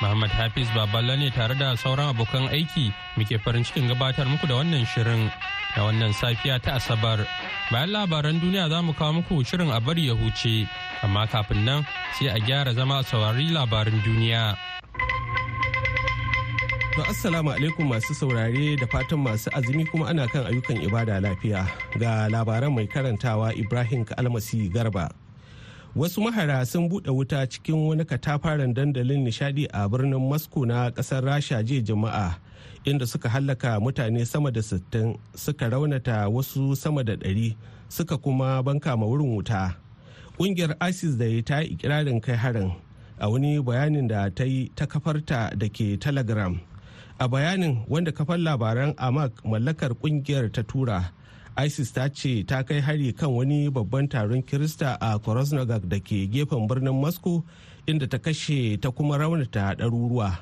Muhammad Hafiz Baballa ne tare da sauran abokan aiki muke farin cikin gabatar muku da wannan shirin da wannan safiya ta Asabar. Bayan labaran duniya za mu kawo muku shirin a bari ya huce, amma kafin nan sai a gyara zama a saurari labaran duniya. To Assalamu alaikum masu saurare da fatan masu azumi kuma ana kan ayyukan ibada lafiya ga labaran mai karantawa Ibrahim Kalmasi Garba. wasu mahara sun buɗe wuta cikin wani katafaren dandalin nishadi a birnin moscow na ƙasar rasha jiya jama'a inda suka hallaka mutane sama da 60 suka raunata wasu sama da 100 suka kuma banka ma wurin wuta ƙungiyar isis da ta yi ikirarin kai harin a wani bayanin da ta yi ta kafarta da ke telegram a bayanin wanda kafar labaran amak mallakar ƙungiyar ta tura isis ta ce ta kai hari kan wani babban taron kirista a krasnogag da ke gefen birnin moscow inda ta kashe ta kuma raunata ɗaruruwa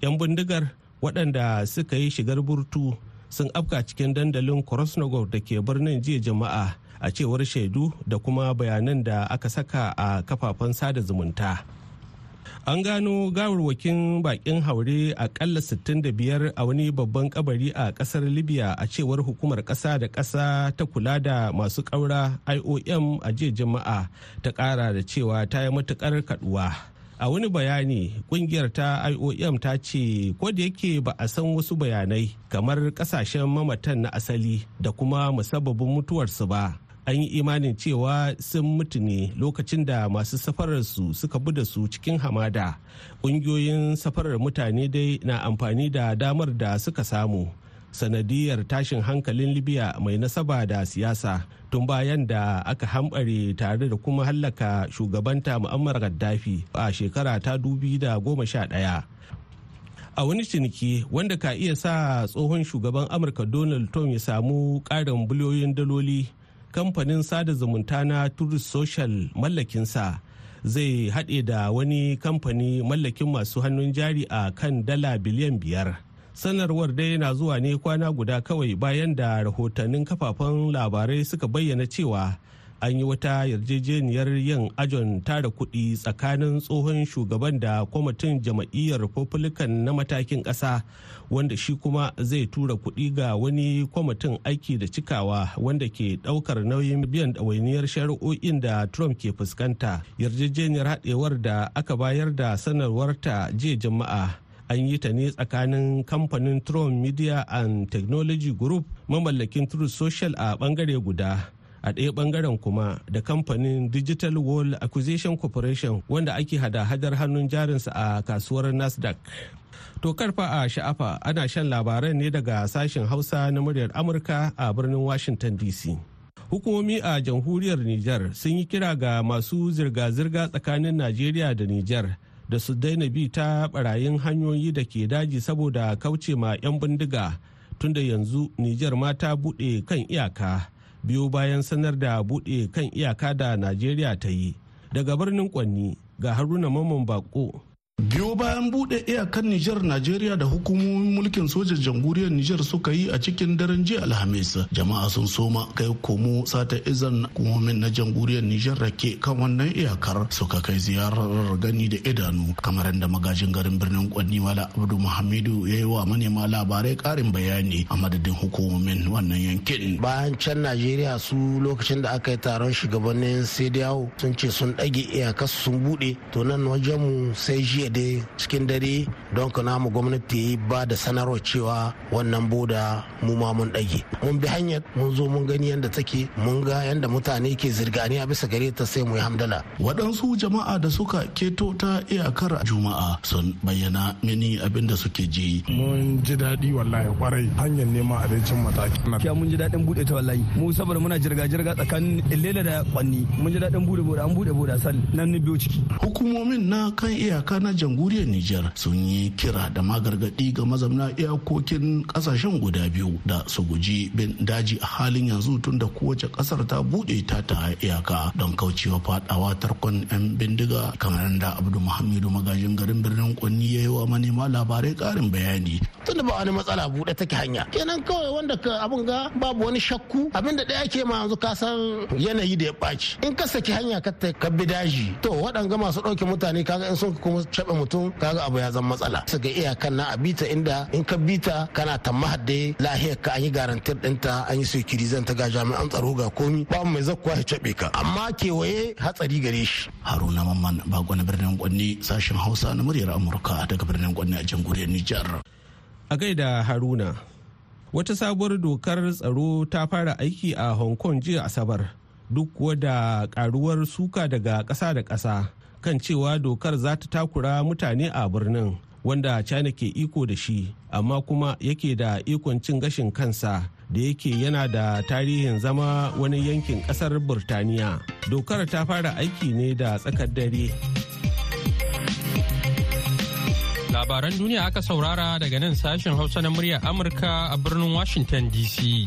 'yan bindigar waɗanda suka yi shigar burtu sun afka cikin dandalin krasnogov da ke birnin jiya jama'a a cewar shaidu da kuma bayanan da aka saka a kafafen sada zumunta. an gano gawarwakin bakin haure akalla 65 a wani babban kabari a kasar libya a cewar hukumar kasa da kasa ta kula da masu kaura iom a jiya jama'a ta kara da cewa ta yi matukar kaduwa a wani bayani kungiyar ta iom ta ce yake ba a san wasu bayanai kamar kasashen mamatan na asali da kuma musababin mutuwarsu ba an yi imanin cewa sun mutu ne lokacin da masu safararsu suka bude su cikin hamada ƙungiyoyin safarar mutane dai na amfani da damar da suka samu sanadiyar tashin hankalin libya mai nasaba da siyasa tun bayan da aka hambare tare da kuma hallaka shugabanta mu'ammar gaddafi a shekara ta ɗaya. a wani ciniki wanda ka iya sa tsohon shugaban amurka donald trump ya samu ƙarin biliyoyin daloli kamfanin sada zumunta na turist social mallakinsa zai haɗe da wani kamfani mallakin masu hannun jari a kan dala biliyan biyar sanarwar dai na zuwa ne kwana guda kawai bayan da rahotannin kafafen labarai suka bayyana cewa an yi wata yarjejeniyar yin ajon tara kuɗi tsakanin tsohon shugaban da kwamitin jama'iyyar republican na matakin ƙasa wanda shi kuma zai tura kuɗi ga wani kwamitin aiki da cikawa wanda ke ɗaukar nauyin biyan ɗawainiyar shari'o'in da trump ke fuskanta yarjejeniyar haɗewar da aka bayar da sanarwarta jiya jama'a an yi ta ne tsakanin kamfanin trump media and technology group mamallakin truth social a ɓangare guda a ɗaya ɓangaren kuma da kamfanin digital world acquisition corporation wanda ake hada-hadar hannun jarinsa a kasuwar nasdaq to karfa a sha'afa ana shan labaran ne daga sashen hausa na muryar amurka a birnin washington dc hukumomi a jamhuriyar niger sun yi kira ga masu zirga-zirga tsakanin najeriya da niger da su daina bi ta barayin hanyoyi da ke daji saboda kauce ma 'yan bindiga tunda yanzu niger ma ta buɗe kan iyaka biyo bayan sanar da buɗe kan iyaka da najeriya ta yi daga birnin kwanni ga haruna mamman bako biyo bayan bude iyakar Nijar Najeriya da hukumomin mulkin sojan jamhuriyar Nijar suka yi a cikin daren jiya Alhamis jama'a sun soma kai komo sata izan hukumomin na jamhuriyar Nijar rake kan wannan iyakar suka kai ziyarar gani da idanu kamar da magajin garin birnin Kwanni Mala Abdu Muhammadu ya yi wa manema labarai karin bayani a madadin hukumomin wannan yankin bayan can Najeriya su lokacin da aka yi taron shugabannin sai sun ce sun ɗage iyakar sun bude to nan wajen mu sai jiya kayyade cikin dare don ka namu gwamnati ba da sanarwa cewa wannan boda mu ma mun dage mun bi hanyar mun zo mun gani yadda take mun ga yadda mutane ke zirgani a bisa gare ta sai mu yi hamdala waɗansu jama'a da suka keto ta iyakar juma'a sun bayyana mini abin da suke ji mun ji daɗi wallahi kwarai hanyar neman abincin mataki kiya mun ji daɗin buɗe ta wallahi mu saboda muna jirga-jirga tsakanin illela da kwanni mun ji daɗin buɗe boda an buɗe boda sal nan ni biyo ciki hukumomin na kan iyaka na jamhuriyar Nijar sun yi kira da magargadi ga mazamna iyakokin kasashen guda biyu da su guji bin daji a halin yanzu tun da kowace kasar ta bude ta ta iyaka don kaucewa fadawa tarkon 'yan bindiga kamar da Abdul Muhammadu magajin garin birnin Kwanni ya yi wa manema labarai karin bayani. Tunda ba wani matsala bude take hanya. Kenan kawai wanda ka abun ga babu wani shakku abin da ɗaya ke ma yanzu ka san yanayi da ya baci In ka saki hanya ka bi daji to waɗanga masu ɗauke mutane kaga in sun kuma taɓa mutum kaga abu ya zama matsala su ga iyakan na a bita inda in ka bita kana ta mahadde lahiyar ka an yi garantir ɗinta an yi zan ta ga jami'an tsaro ga komi ba mai zakkuwa ya caɓe ka amma kewaye hatsari gare shi. haruna mamman ba gwani birnin gwani sashen hausa na muryar amurka daga birnin gwani a jamhuriyar nijar. a gaida haruna wata sabuwar dokar tsaro ta fara aiki a hong kong jiya asabar duk kuwa da karuwar suka daga ƙasa da kasa. kan cewa dokar za ta takura mutane a birnin wanda china ke iko da shi amma kuma yake da ikon cin gashin kansa da yake yana da tarihin zama wani yankin kasar burtaniya dokar ta fara aiki ne da tsakar dare labaran duniya aka saurara daga nan sashen hausa na muryar amurka a birnin washington dc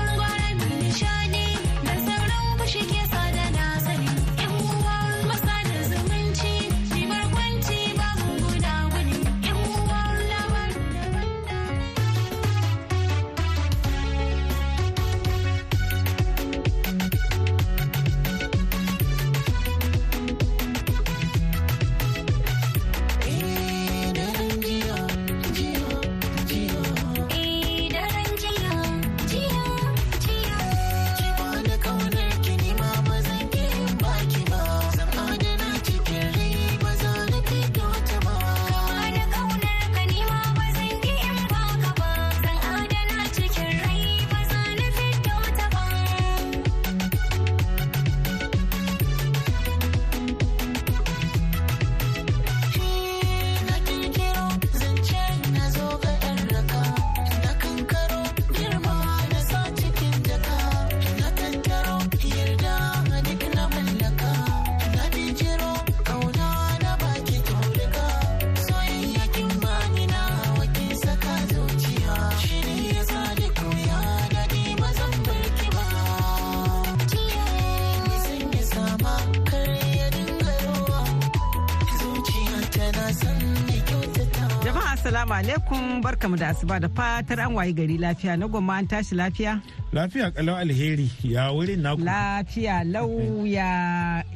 barkamu da asuba da fatar an wayi gari lafiya na gwamma an tashi lafiya lafiya kalau alheri ya wurin naku lafiya lauya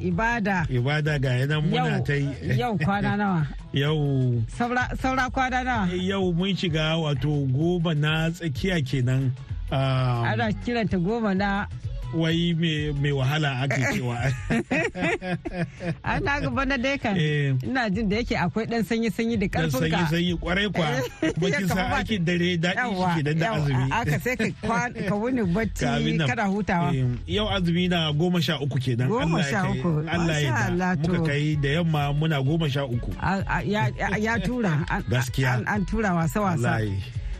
eh. ibada ibada ga yanan muna ta yi yau kwana nawa yau saura kwana nawa eh, yau mun shiga wato goma na tsakiya kenan ah. ana kiranta goma na wai mai wahala ake cewa ana gaba na dai kan eh. ina jin da yake akwai dan sanyi sanyi da karfin ka sanyi sanyi kwarai kwa eh, kuma sa ake dare daɗi shi dan da azumi aka sai ka ka wuni bacci kada hutawa eh, yau azumi na goma sha uku kenan goma sha uku Allah ya muka kai da yamma muna goma sha uku ya tura gaskiya an tura wasa wasa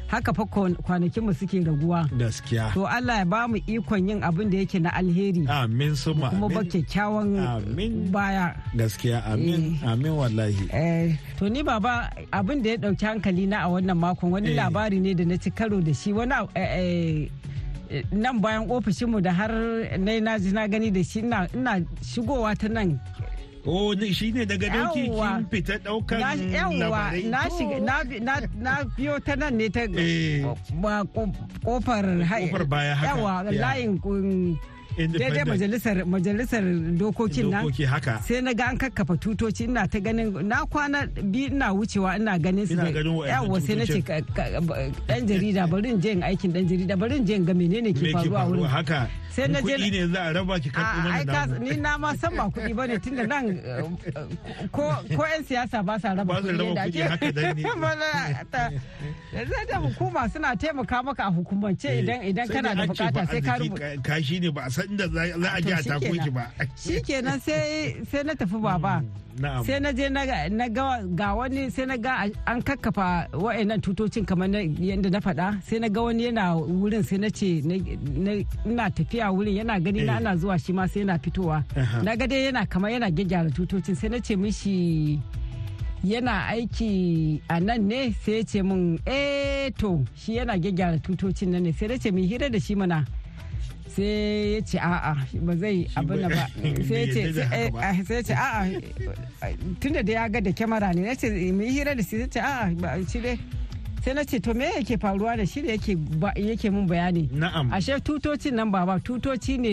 haka fa kwanakinmu suke raguwa. Gaskiya. To Allah ya ba mu ikon yin abin da yake na alheri. Amin suma. Kuma ba kyakkyawan baya. Gaskiya amin eh. amin wallahi. Eh to ni baba abin da ya dauki hankali na a wannan makon wani eh. labari ne da na ci karo da shi wani eh, nan bayan ofishinmu da har na yi na gani da shi ina shigowa ta nan Oh, shi ne daga dauki kin fita daukan labarai. na shiga na biyo ta nan ne ta kofar eh. kofar baya haka. Yawa layin daidai majalisar majalisar dokokin nan sai na ga an kakkafa tutoci ina ta ganin na kwana bi ina wucewa ina ganin su yawa sai na ce dan jarida bari in je in aikin dan jarida bari in je in ga menene ke faruwa wurin sai na je ne za a raba ki karɓo mana namu ni na ma san ba kuɗi bane tunda nan ko ko yan siyasa ba sa raba kuɗi da ke zai da hukuma suna taimaka maka a hukumance eh, idan idan kana da bukata sai ka rubuta kashi ne ba san da za a ji a takoki ba shikenan sai sai na tafi baba hmm. sai na je na ga wani sai na ga an kakkafa wa'annan tutocin kamar yadda na faɗa sai na ga wani yana wurin sai na ce ina tafiya wurin yana gani na eh. ana zuwa shi ma sai yana fitowa na ga dai yana kamar yana gyaggyara tutocin sai na ce mishi yana aiki a nan ne sai ce min eh to shi yana gyaggyara tutocin nan ne sai na ce min hira da shi mana sai ya ce a'a ba zai abin ba eh, eh, sai ya ce a'a tunda da ya ga da kyamara ne nace mai hira da shi ya ce a'a ba shi dai sai na ce to me yake faruwa da shi da yake yake mun bayani na'am ashe tutocin nan baba tutoci ne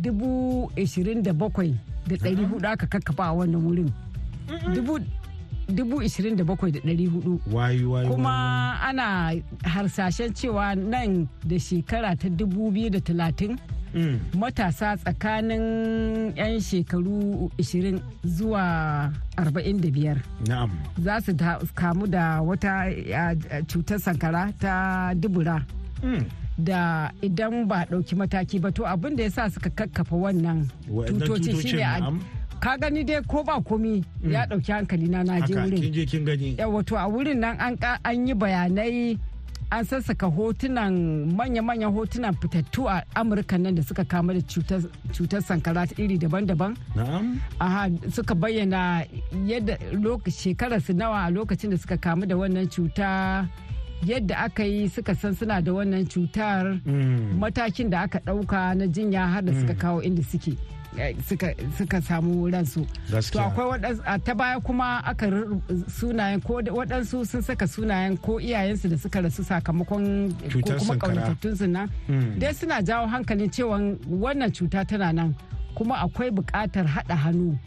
dubu ashirin da bakwai da ɗari hudu aka kakkafa a wannan wurin dubu 27,400 kuma ana harsashen cewa nan da shekara ta 2030 mm. matasa tsakanin 'yan shekaru 20 zuwa 45 za su kamu da wata cutar sankara ta dubura mm. da idan ba ɗauki mataki ba to abin da ya sa suka kakkafa wannan tutocin shine ka gani dai ko ba komi mm. ya dauki hankali na na wurin kin je kin gani wato a wurin nan an an yi bayanai an sassaka hotunan manya-manyan hotunan fitattu a amurka nan da suka kama da cutar sankara iri daban-daban aha suka bayyana yadda su nawa a lokacin da suka kamu da wannan cuta yadda aka yi suka san suna da wannan cutar mm. matakin da aka ɗauka na jinya har da suka mm. kawo inda suke. suka samu ransu to akwai waɗansu ta baya kuma aka sunayen ko waɗansu sun saka sunayen ko iyayensu da suka rasu sakamakon ko kuma ƙaunatattunsu nan hmm. dai suna jawo hankalin cewa wannan cuta tana nan kuma akwai buƙatar haɗa hannu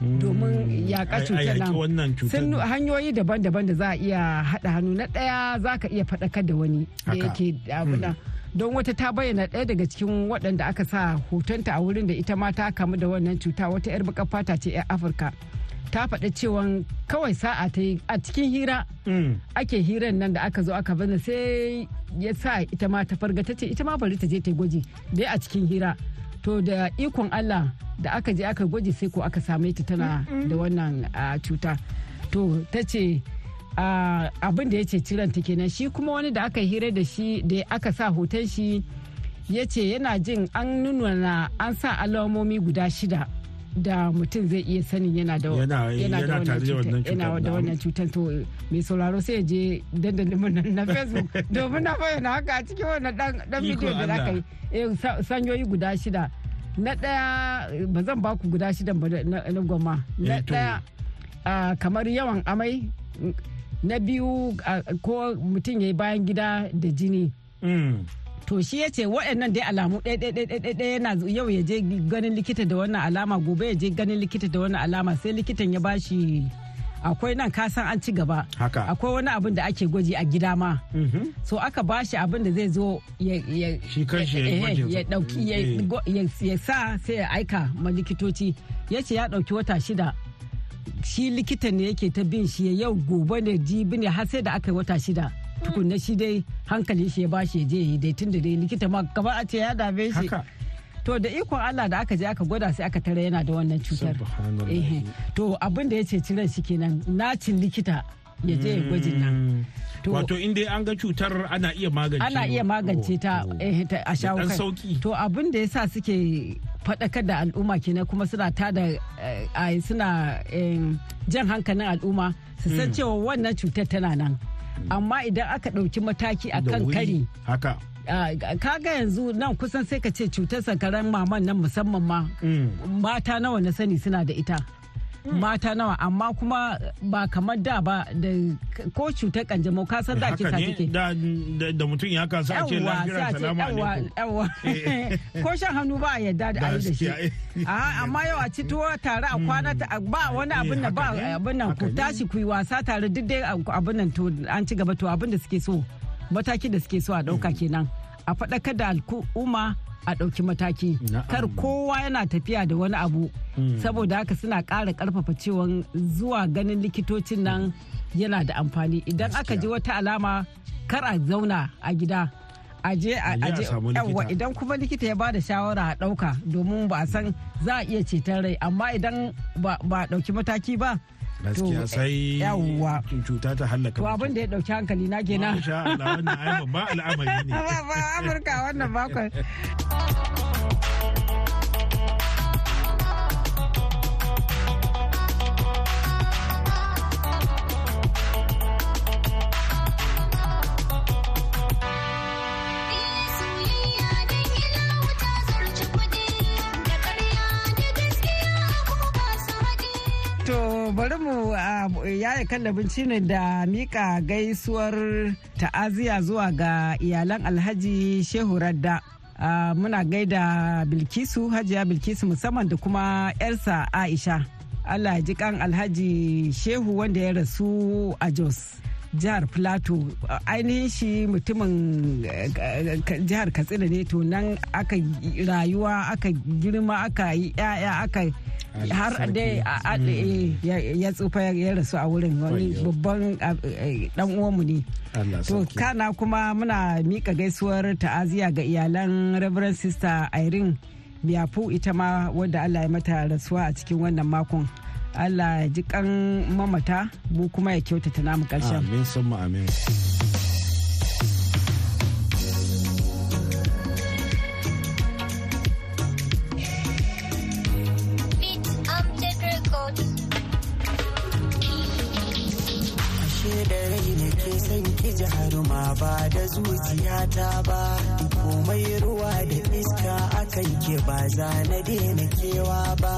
hmm. domin yaƙa cutar nan sun hanyoyi daban-daban da za a iya haɗa hannu na ɗaya za ka iya faɗakar da wani da yake abu nan hmm. don wata ta bayyana ɗaya daga cikin waɗanda aka sa hotonta a wurin da ita ma ta kamu da wannan cuta wata 'yar baƙar fata ce 'yan afirka ta faɗa cewa kawai sa'a ta yi a cikin hira mm. ake hiran nan da aka zo aka bana sai ya sa ita ma ta farga ta ce ita ma bari ta je ta gwaji dai a cikin hira to da ikon allah da aka je aka gwaji sai ko aka same ta tana da wannan cuta to ta ce abin da ya ce ciranta kenan shi kuma wani da aka hira da shi da aka sa hoton shi ya ce yana jin an nuna an sa alamomi guda shida da mutum zai iya sanin yana da wannan cutar to mai sauraro sai ya je dandalin mun na facebook domin na bayyana haka a cikin wannan dan bidiyo da za ka yi eh, sanyoyi guda shida na daya ba zan ba ku guda shida ba na gwamma na daya eh, kamar yawan amai na biyu ko mutum ya yi bayan gida da jini mm. to shi ya ce waɗannan dai alamu ɗaya yana yau ya je ganin likita da wannan alama gobe ya je ganin likita da wannan alama sai likitan ya bashi akwai nan kasan an ci gaba akwai wani abin da ake gwaji a gida ma mm-hmm. so aka bashi abin da zai zo ya sa sai ya aika ma likitoci ya ce ya ɗauki wata shida shi likita ne yake ta bin shi yau gobe ne jibi ne har sai da aka yi wata shida tukunna shi dai hankali shi ya bashi ya je yi dai tunda dai likita ma kamar a ce ya dame shi to da ikon Allah da aka je aka gwada sai aka tare yana da wannan cutar to abin da ya ce ciran shi kenan nacin likita ya je gwajin nan mm. wato in dai an ga cutar ana iya magance ana iya magance oh. eh, ta a shawo kai to abin da yasa suke faɗakar da al'umma kenan kuma suna tada eh, suna jan hankalin al'umma su san hmm. cewa wannan cutar tana nan amma idan aka ɗauki mataki a kan kari kaga yanzu nan kusan sai ka ce cutar sankaran maman nan musamman ma hmm. mata nawa na sani suna da ita Mm. mata nawa amma kuma ba kamar da ba da ko cutar kanjamau ka san da sa take da da mutum ya kasa a ake lafiyar salama ne ko shan hannu ba a yadda da ayi da shi eh. ah, amma yau a ci tuwa tare a kwana mm. ba wani abin eh, nan ba abin nan ku tashi ku yi wasa tare duk dai abin nan to an ci gaba to abin da suke so mataki da suke so a dauka mm. kenan a faɗakar da al'umma a ɗauki mataki kar kowa yana tafiya da wani abu hmm. saboda haka suna ƙara ƙarfafa cewa zuwa ganin likitocin nan yana da amfani idan aka ji wata alama kar a zauna a gida aje aje yawa idan kuma likita ya bada shawara a ɗauka domin ba a san za a iya ceton rai amma idan ba a ɗauki mataki ba gaskiya sai yawwa cuta ta hallaka to abin da ya dauki hankali na kenan insha Allah wannan ai babban al'amari ne ba Amurka wannan bakon Ya yaya kallabin ne da mika gaisuwar ta'aziyya zuwa ga iyalan alhaji shehu radda uh, muna gaida bilkisu hajiya bilkisu musamman da kuma yarsa aisha allah ji kan alhaji shehu wanda ya rasu a jos jihar plateau ainihin shi mutumin eh, jihar katsina ne to nan aka rayuwa aka girma aka yi yaya aka har dai hmm. eh, ya tsufa ya rasu a wurin wani babban dan eh, uwanmu ne to kana kuma muna mika gaisuwar ta'aziya ga iyalan reverend sister irene biyafu ita ma wadda allah ya mata rasuwa a cikin wannan makon Allah ya ji kan mamata mu kuma ya kyautata namu karshen. Amin sun amin. da rai na ke ki ji ba da zuciyata ba komai ruwa da iska akan ke ba za na daina kewa ba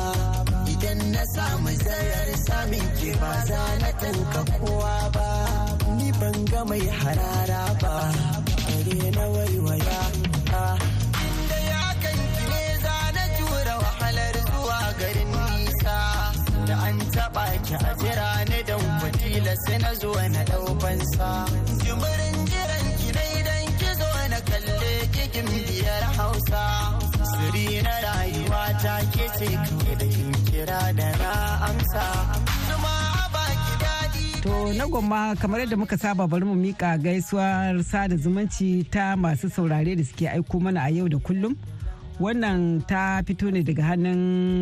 idan na samu zayar samin ke ba za na tanka kowa ba ni ban ga mai harara ba bare na waiwaya ba inda ya kanki ne za na jura wahalar zuwa garin nisa da an taba ki a jira ne dan kwatila sai na zo na daubansa jimirin jiran ki ne idan ki zo na kalle kikin biyar hausa siri na rayuwa ta ke ce amsa To na gwamma kamar yadda muka saba bari mu mika gaisuwar sada zumunci ta masu saurare da suke aiko mana a yau da kullum. Wannan ta fito ne daga hannun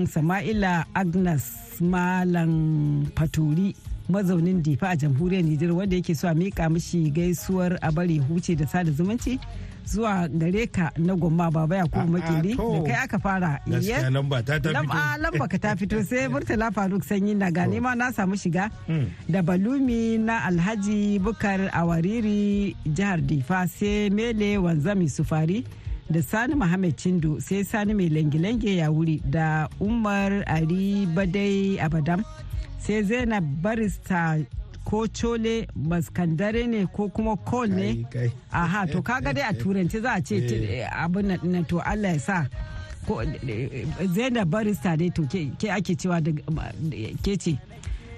Sama'ila Agnes Malam Faturi mazaunin Difa a jamhuriyar Nijar wanda yake so a mika mishi gaisuwar a bari huce da sada zumunci. zuwa gare ka na gomma baba ya kuma makili da kai aka fara gaskiya lamba ta ta fito ah, ka ta fito sai murtala faruk sanyi na gane ma na samu shiga hmm. da balumi na alhaji bukar awariri jihar difa sai mele wanzami sufari da sani muhammad cindu sai sani mai langelange ya wuri da umar ari badai abadam sai zainab barista ko cole baskandare ne ko kuma kol ne aha to kaga dai a turanci za a ce eh. eh, abin na to allah ya sa eh, zainab barista dai to ke ake cewa da ke ce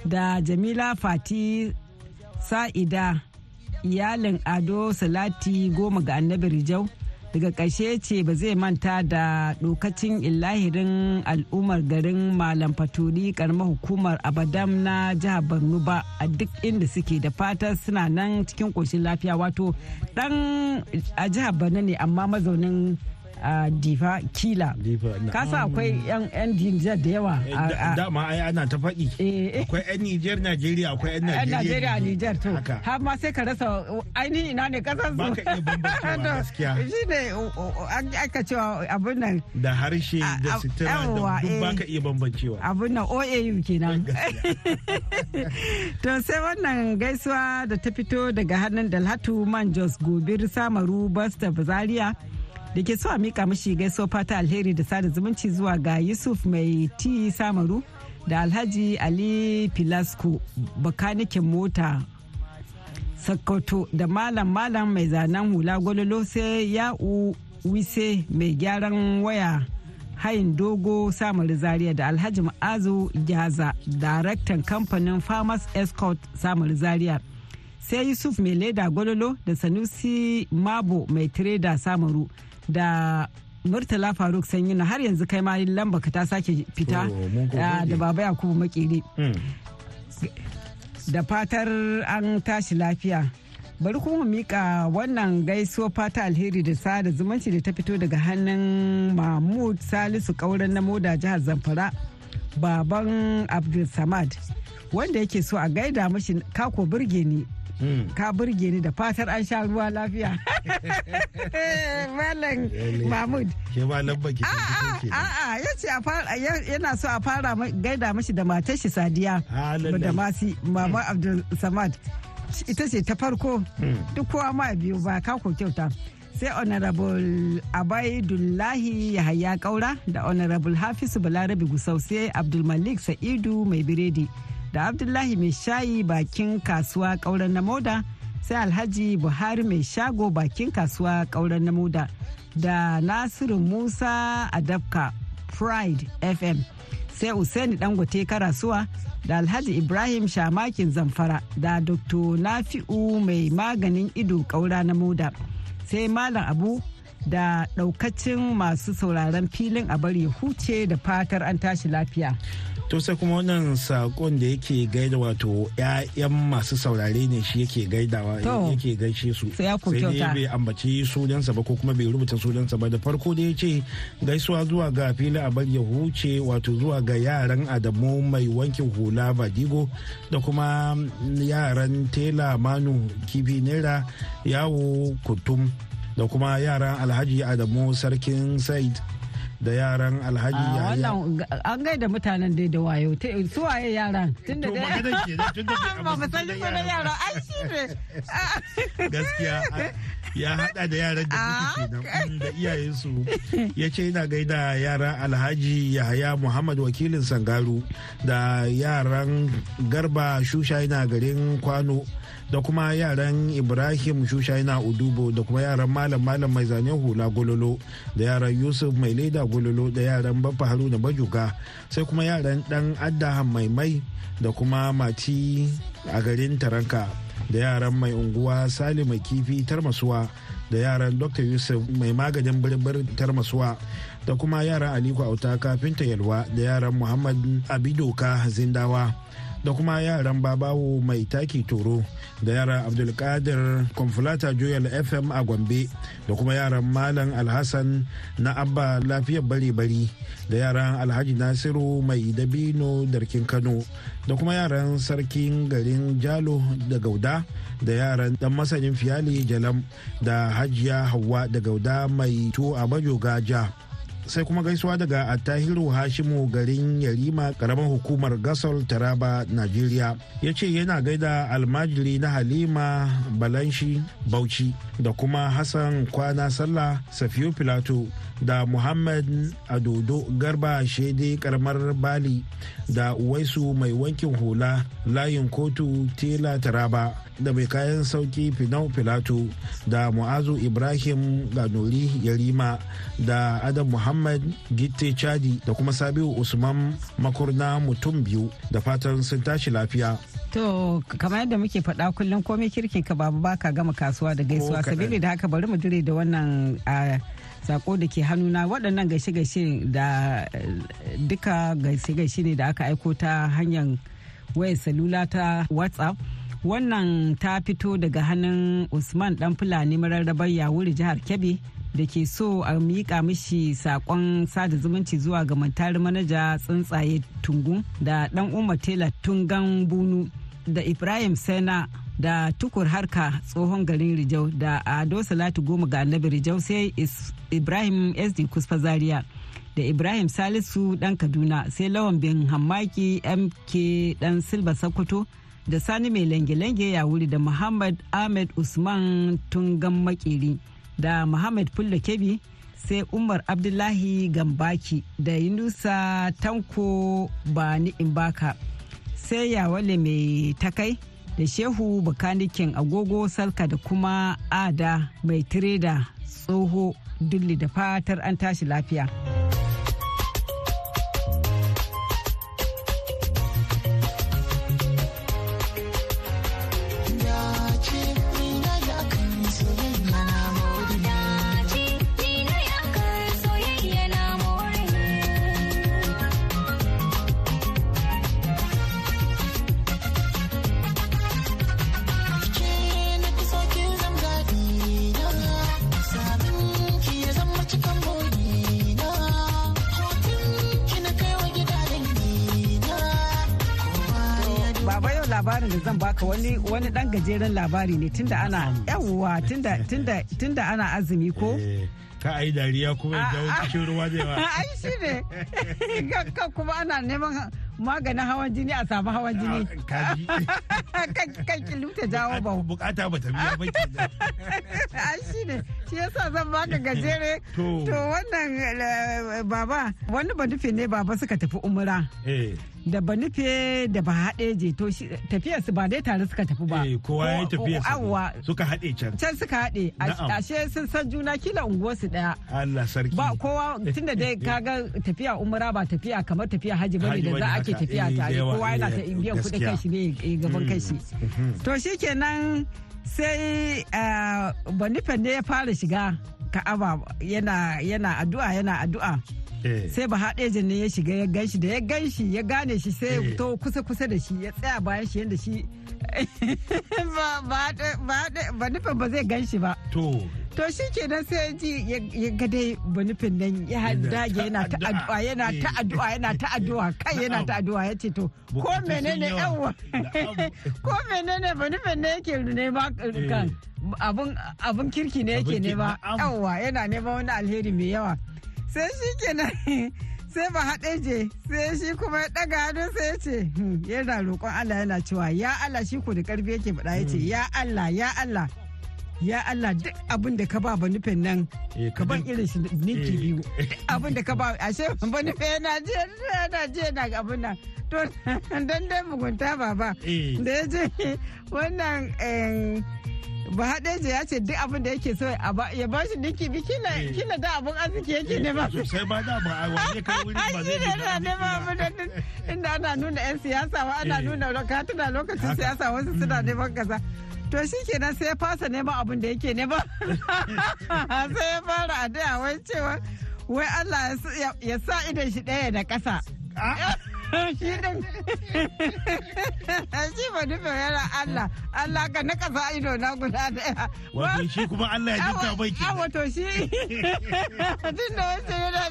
da jamila fati sa'ida iyalin ado salati goma ga annabi rijau daga ƙarshe ce ba zai manta da dokacin illahirin al'ummar garin malam faturi karamar hukumar abadam na jihar borno ba a duk inda suke da fata suna nan cikin ƙoshin lafiya wato dan a jihar borno ne amma mazaunin a diva kila kasa akwai yan dinja da yawa eh, dama ai ana ta faɗi eh, eh. akwai yan niger najeriya akwai yan najeriya niger to har ma sai ka rasa ainihin ina ne kasar su shi ne aka cewa abin nan da harshe da sitira da duk baka iya bambancewa abin nan oau kenan to sai wannan gaisuwa da ta fito daga hannun dalhatu man jos gobir samaru basta bazaria da ke so a mika mashi gaisuwar fata alheri da sada zumunci zuwa ga yusuf mai ti samaru da alhaji ali filasco bakanikin mota sakoto da malam malam mai zanen hula gwalolo sai ya wise mai gyaran waya hayin dogo samar zaria da alhaji ma'azu gyaza daraktan kamfanin farmers escort samar zaria sai yusuf mai leda gwalolo da sanusi mabo mai tireda samaru da murtala faruk sanyi na har yanzu kai ma lamba ka ta sake fita ah, da baba yakubu makiri hmm. da fatar an tashi lafiya bari kuma mika wannan gaisuwa fata alheri da sada zumunci da ta fito daga hannun mahmud salisu kauran na moda jihar zamfara baban abdulsamad wanda yake so a gaida mashi kako burge ne. Hmm. ka burge ni da fatar an sha ruwa lafiya malam mahmud ke ah, ah, ah, ya ce yana so a fara gaida mashi da matar shi sadiya da masi mama hmm. abdul samad ita ce ta farko hmm. duk kowa ma biyu ba ko kyauta sai honorable abaidullahi yahaya kaura da honorable hafizu balarabe gusau sai abdulmalik sa'idu mai biredi da abdullahi mai shayi bakin kasuwa kauren na moda sai alhaji buhari mai shago bakin kasuwa kauren na moda da nasiru musa adabka pride fm sai usaini dangote karasuwa da alhaji ibrahim shamakin zamfara da dr nafi'u mai maganin ido ƙaura na moda sai malam abu da daukacin masu sauraron filin a bari huce da fatar an tashi lafiya. to sai kuma wannan sakon da yake gaida wato ƴaƴan masu saurare ne shi yake gaidawa yake gaishe su sai dai bai ambaci sunansa ba ko kuma bai rubuta sunansa ba da farko da yace gaisuwa zuwa ga fili a bar ya huce wato zuwa ga yaran Adamu mai wankin hula Badigo da kuma yaran Tela Manu Kifi Naira yawo Kutum da kuma yaran Alhaji Adamu Sarkin Said da yaran alhaji yaya an gaida mutanen dai da wayo su waye yaran tun da ba mu san su da yara ai shi ne gaskiya ya hada da yaran da suke ah, kenan mm, da iyayensu ya ce yana gaida yaran alhaji yahaya muhammad wakilin sangaru da yaran garba shusha yana garin kwano da kuma yaran ibrahim shushaina udubo da kuma yaran malam malam mai zanen hula gololo da yaran yusuf mai leda gololo da yaran baffa haruna bajuga sai kuma yaran dan adahan mai mai da kuma mati a garin taranka da yaran mai unguwa mai kifi tarmasuwa da yaran dr yusuf mai maganin birbir tarmasuwa da kuma yaran aliko auta kafinta yalwa da yaran muhammad abidoka zindawa da kuma yaran babawo mai taki toro da yara abdulkadir kwamfulata joyal fm a gombe da kuma yaran malam alhassan na abba lafiyar bari-bari da yaran alhaji nasiru mai dabino darkin kano da kuma yaran sarkin garin jalo da gauda da yaran dan masanin fiyali jalam da hajiya hawa da gauda mai tuwo a majoga ja sai kuma gaisuwa daga attahiru hashimu garin yarima karamar hukumar gasol taraba najeriya ya ce yana gaida almajiri na halima balanshi bauchi da kuma hassan kwana sallah safiyu filato da muhammad adodo garba shede karamar bali da uwaisu mai wankin hula layin kotu tela taraba da mai kayan sauki finau filato da mu'azu ibrahim ganori yarima da adam muhammad gitte chadi da kuma sabiu usman makurna mutum biyu da fatan sun tashi lafiya to kamar yadda muke faɗa kullum komai kirkin ka babu baka gama kasuwa da gaisuwa sabili da haka bari mu dire da wannan sako da ke hannuna waɗannan gaishe-gaishe da duka gaishe-gaishe ne da aka aiko ta hanyar wayar salula ta whatsapp wannan ta fito daga hannun usman dan fulani mararrabar yawuri jihar kebbi da ke so a miƙa mishi saƙon sada zumunci zuwa ga mantar manaja tsuntsaye tungun da ɗan umar tela tungan bunu da ibrahim sena da tukur harka tsohon garin rijau da ado salatu goma ga annabi rijau sai ibrahim sd kusfa zaria da ibrahim salisu ɗan kaduna sai lawan bin hammaki mk ɗan silba sokoto da sani mai lange-lange ya wuri da muhammad ahmed usman tungan makeri da muhammad fulla kebi sai umar abdullahi gambaki da yunusa tanko bani baka sai yawale mai takai da shehu bakanikin agogo salka da kuma ada mai tireda tsoho dulli da fatar an tashi lafiya. labari ne tunda ana yawwa tunda ana azumi ko eh, ka a yi dariya kuma ya jawo ah, ah. cikin ruwa da yawa. Ai shi ne, kan kuma ana neman maganin hawan jini a samu hawan jini. Ah, Kaji. Kan jawo ba. Bukata ba ta biya ba ke Ai shi ne, shi yasa zan baka gajere. To wannan eh, baba, wani ba nufi ne baba suka tafi umura. Eh. da ba nufe da ba haɗe je to tafiyar su ba dai tare suka tafi ba. Eh, kowa ya tafiya suka haɗe can. Can suka haɗe ashe sun san juna kila unguwarsu. daya Allah sarki ba kowa da dai kaga tafiya umra ba tafiya kamar tafiya haji bane da za ake tafiya eh, tare kowa yana ta eh, biyan kudin kai shi ne eh, gaban hmm. kai shi hmm. to shikenan sai Banifan ne ya fara shiga ka'aba yana addu'a yana addu'a Eh. sai ba haɗe ne ya shiga ya gan shi da ya gan shi ya gane shi sai ya eh. to kusa kusa da shi ya tsaya bayan shi yadda shi ba nufin ba zai gan shi ba to shi nan sai ji ya ga dai nufin nan ya dage yana ta addu'a yana ta eh. addu'a yana ta addu'a kai yana ta addu'a ya ce to ko menene yawa ko menene nufin ne yake nema kan abun kirki ne yake nema yawa yana nema wani alheri mai yawa sai shi kenan sai ba haɗe je sai shi kuma ya ɗaga hannun sai ya ce hmm, yana roƙon Allah yana cewa ya Allah shi ko da ƙarfi yake faɗa ya ce hmm. ya Allah ya Allah ya Allah duk abin da ka ba ba nufin nan eh, ka ban irin shi ninki eh. biyu abin da ka ba ashe ba nufin yana je yana je na abin nan to dan dai mugunta baba eh. da ya ce wannan ba haɗeje ya ce duk abin da yake so ya ba shi dinki bi kina eh. da abin arziki yake ne ba sosai eh, ba da ba wani kai wuri ba zai ne na da inda ana nuna yan siyasa wa ana eh. nuna katuna lokacin siyasa wasu suna mm. neman kaza. to shi kenan sai ya fasa neman abin da yake nema sai ya fara addu'a wai cewa wai Allah ya sa idan shi ɗaya da ƙasa ah. shi ba nufe yana Allah Allah ka ido na guda daya wato shi kuma Allah ya jinta bai ke wato shi tun da wancan yana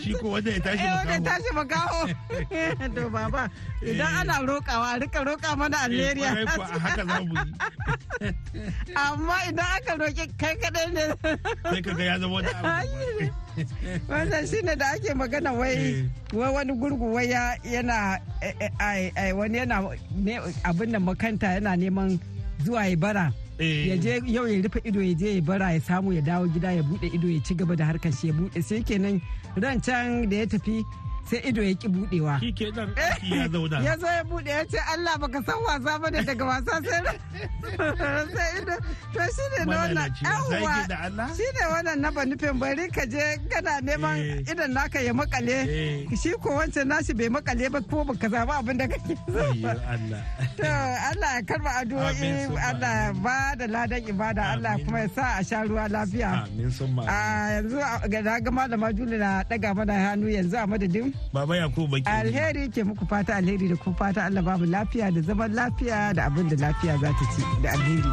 shi ko wanda ya tashi eh, makaho to baba idan eh. ana rokawa rika roka mana eh, alheriya haka za mu yi amma idan aka roki kai kadai ne sai kaga ya zama wata abu wannan da ake magana wai wani gurgu wai yana wani yana abin da makanta yana neman zuwa ya bara Eh. ya yau ya rufe ido ya je ya bara ya samu ya dawo gida ya bude ido ya ci gaba da harkar shi ya bude sai kenan ran can da ya tafi sai ido ya ki budewa ke dan ya zauna ya zo ya bude ya ce Allah baka san wasa ba da daga wasa sai sai ido to shi ne na wannan yawwa shi ne wannan na banufin bari ka je kana neman eh. idan naka ya makale eh. shi ko wancan nashi bai makale ba ko baka zaba abin da kake so to Allah ya karba addu'o'i Allah ya ba da ladan ibada Allah kuma ya sa a sha ruwa lafiya amin sun ma yanzu ga malama Juli na daga mana hannu yanzu a madadin Baba Yakubu Baki. Alheri ke muku fata alheri da ku fata Allah babu lafiya da zaman lafiya da abin da lafiya za ta ci da alheri.